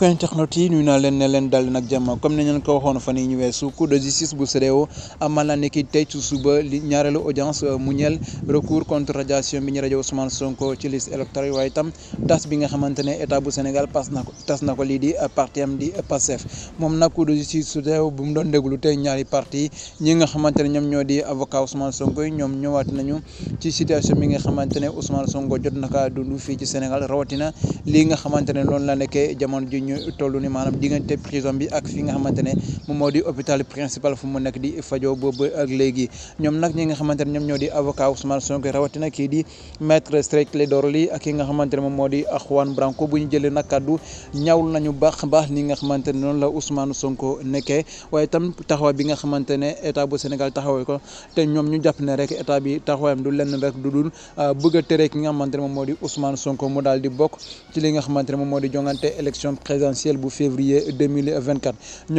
mbokk internet yi nuyu naa leen ne leen dal nag jàmm comme ni ñu ko waxoon fan yii ñu weesu cour de justice bu CEDEAO amal na ni ki tey ci suba li ñaareelu audience euh, mu ñeel recours contre radiation bi ñu rajo Ousmane Sonko ci liste électorale waaye itam tas bi nga xamante ne état bu Sénégal pas na ko lii di euh, parti am di euh, PASTEF moom nag cour de justice CEDEAO bu mu doon déglu tey ñaari parti ñi nga xamante ne ñoom ñoo di avocat Ousmane Sonko yi ñoom ñëwaat nañu jot na kaa fii ci Sénégal rawatina lii ñu toll ni maanaam diggante prison bi ak fi nga xamante ne moom moo di hôpital principal fu mu nekk di fajoo boobu ak léegi ñoom nag ñi nga xamante ne ñoom ñoo di avocat Ousmane Sonko rawatina kii di maître Clédor Ly ak ki nga xamante moom moo di Juan Branco bu ñu jëlee nag kàddu ñaawlu nañu baax baax li nga xamante ne la Ousmane Sonko nekkee waaye tam taxawaay bi nga xamante ne état bu Sénégal taxawee ko te ñu jàpp ne rek état bi taxawaayam du lenn rek du dul euh, bëgg a tere ki nga xamante ne moom moo di Ousmane Sonko jongante élection présidentielle présidentielle bu février 2024 euh, euh,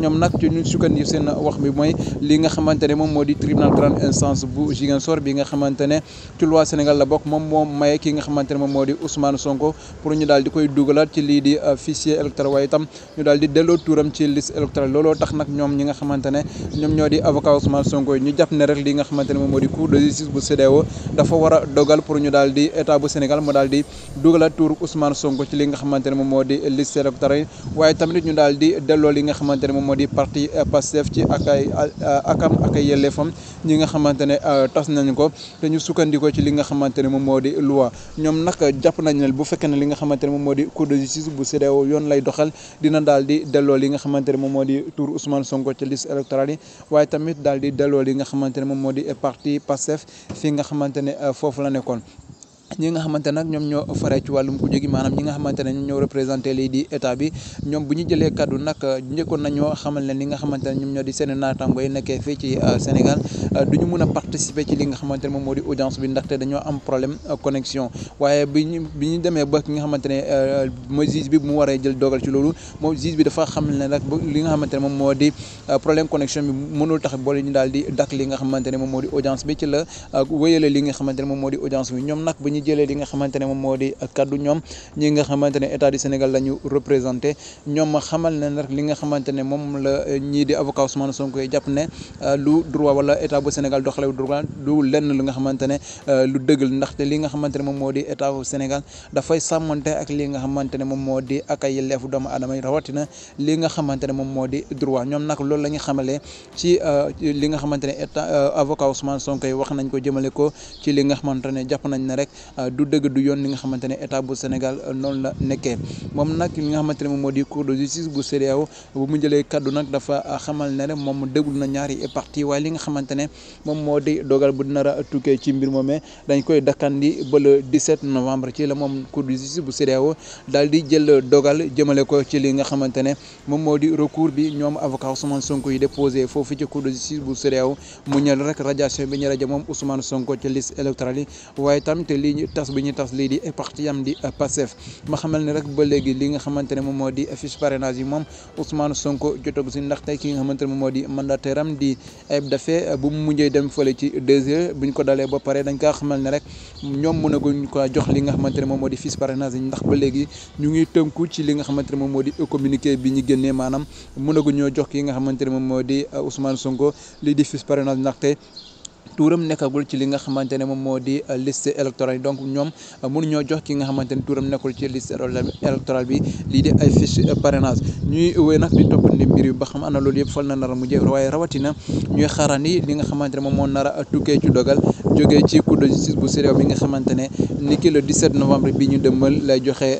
ñoom nag ci ñu sukkandiku seen wax bi mooy li nga xamante moom moo di tribunal grande instance bu Ziguinchor bi nga xamante ci loi Sénégal la bokk moom moo maye ki nga xamante moom moo di Ousmane Sonko pour ñu daal di koy dugalaat ci lii di euh, fichier électoral waaye itam ñu daal di delloo tuuram ci liste électorale looloo tax nag ñoom ñi nga xamante ne ñoom ñoo di avocat Ousmane Sonko ñu jàpp ne rek li nga xamante ne moom moo di cour de justice bu a dogal pour ñu daal di état bu Sénégal mu daal di dugalaat tuur Ousmane Sonko ci li nga xamante ne moom moo di liste électorale waaye tamit ñu daal di delloo li nga xamante ne moom moo di parti Pastef ci ak ay akam ak ay ñi nga xamante ne euh, tas nañu ko te ñu sukkandikoo ci li nga xamante ne moom moo di loi ñoom nag jàpp nañ ne bu fekkee ne li nga xamante ne moom moo di cour de justice bu CEDEAO yoon lay doxal dina daal di delloo li nga xamante ne moom moo di tur Ousmane Sonko ci liste électorale yi waaye tamit daal di delloo li nga xamante ne moom moo di parti Pastef fi nga xamante ne euh, foofu la nekkoon ñi nga xamante nag ñoom ñoo fare ci wàllum kuje gi maanaam ñi nga xamante ñoom ñoo représenté lii di état bi ñoom bu ñu jëlee kaddu nag njëkkoon nañoo xamal ne li nga xamante ne ñoom ñoo di seen naataango yi nekkee fii ci euh, Sénégal euh, du ñu mun a ne moom moo di audience bi ndaxte dañoo am problème euh, connexion waaye bi ñu bi ñu demee ba ki nga xamante ne mooy juge bi bu mu ci loolu moom juge bi dafa xamal ne nag li nga xamante ne moom moo di problème connexion bi mënul tax boole ñu daal dakk li nga xamante moom moo di audience bi ci la wéyale li nga xamante moom moo di audience bi ñoom nag ñu jëlee li nga xamante ne moom moo di kaddu ñoom ñi nga xamante ne état du Sénégal la ñu représenté ñoom xamal ne nag li nga xamante ne moom la euh, ñii di avocat Ousmane Sonko jàpp ne euh, lu droit wala état bu Sénégal doxalewu droit du lenn lu nga xamante ne euh, lu dëgg ndaxte li nga xamante ne moom moo di état bu Sénégal dafay sàmmante ak li nga xamante ne moom moo di ak ay yelleefu doomu aadama yi rawatina li nga xamante ne moom moo di droit ñoom nag loolu la ñu xamalee ci li nga xamante ne état avocat Ousmane Sonko wax nañ ko jëmale ko ci li nga xamante ne jàpp nañ ne rek Euh, du dëgg du yoon li nga xamante ne état bu Sénégal euh, noonu la nekkee moom nag li nga xamante ne moom moo di cour de justice bu CEDEAO bu mu jëlee kaddu nag dafa euh, xamal ne rek moom déglu na ñaari parti waaye li nga xamante ne moom moo di dogal bu nar a tukkee ci mbir moomee dañ koy dakkandi ba le 17 novembre ci la moom cour de justice bu CEDEAO daal di jël dogal jëmale ko ci li nga xamante ne moom moo di recours bi ñoom avocat Ousmane Sonko yi déposé foofu ci cour de justice bu CEDEAO mu ñël rek radiation bi ñu rajo moom Ousmane Sonko ci liste électorale ñu tas bi ñu tas lii di partiyam di Pastef ma xamal ne rek ba léegi li nga xamante ne moom moo di affiche parrainage yi moom Ousmane Sonko jotagu si ndaxte ki nga xamante ne di mandataire am di Ayib Daffé eh, bu mu mujjee dem fële ci deux heures bu ñu ko dalee ba pare dañ kaa xamal ne rek ñoom mënaguñ ko jox li nga xamante ne moom moo di fiche parrainage yi ndax ba léegi ñu ngi tënku ci li nga ne moom moo di communiqué bi ñu génnee maanaam mënaguñoo jox ki nga xamante ne moom moo di eh, Ousmane Sonko lii di fiche parrainage ndaxte tuuram nekkagul ci li nga xamante ne moom moo di euh, liste électorale yi donc ñoom euh, ñoo jox ki nga xamante ne tuuram nekkul ci liste électorale bi li di ay fiche euh, parrainage ñuy wéy nag di toppandi mbir yu ba xam ana loolu yëpp fal na nar a mujjee waaye rawatina ñuy xaarandi li nga xamante ne moom moo nar a tukkee ci dogal jógee ci cour de justice bu CEDEAO bi nga xamante ne ni ki le 17 novembre bi ñu dëmmal lay joxe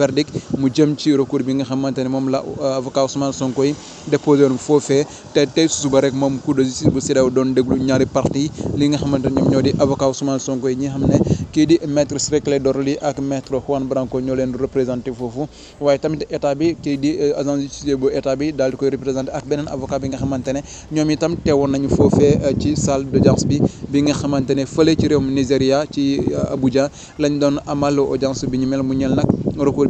verdict mu jëm ci recours bi nga xamante ne moom la euh, avocat Ousmane Sonko yi déposé woon foofee te tey suba rek moom cour de justice bu CEDEAO doon déglu ñaari parti li nga xamante ne ñoom ñoo di avocat Ousmane Sonko yi ñi xam ne kii di maître Ciré Clédor Ly ak maître Juan Branco ñoo leen représenté foofu waaye tamit état bi kii di euh, agent judiciaire bu état bi daal di koy représenté ak beneen avocat bi nga xamante ne ñoom itam teewoon nañu foofee euh, ci salle d'audience bi bi nga xamante ne fële ci réew réewum Nigéria ci Abuja lañ doon amal audience bi ñu mel mu ñel nag recours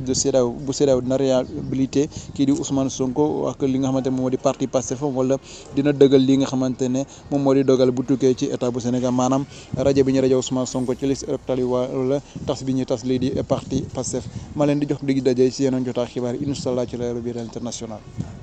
justice de CEDEAO bu CEDEAO dina réhabilité kii di Ousmane Sonko ak li nga xamante ne moom moo di parti Pastef wala dina dëggal li nga xamante ne moom moo di dogal bu tukkee ci état bu Sénégal maanaam rajo bi ñu rajo Ousmane Sonko ci liste électorale yi wala tas bi ñuy tas lii di parti Pastef ma leen di jox dig daje si yeneen jotaa xibaar yi incha allah ci la rajo international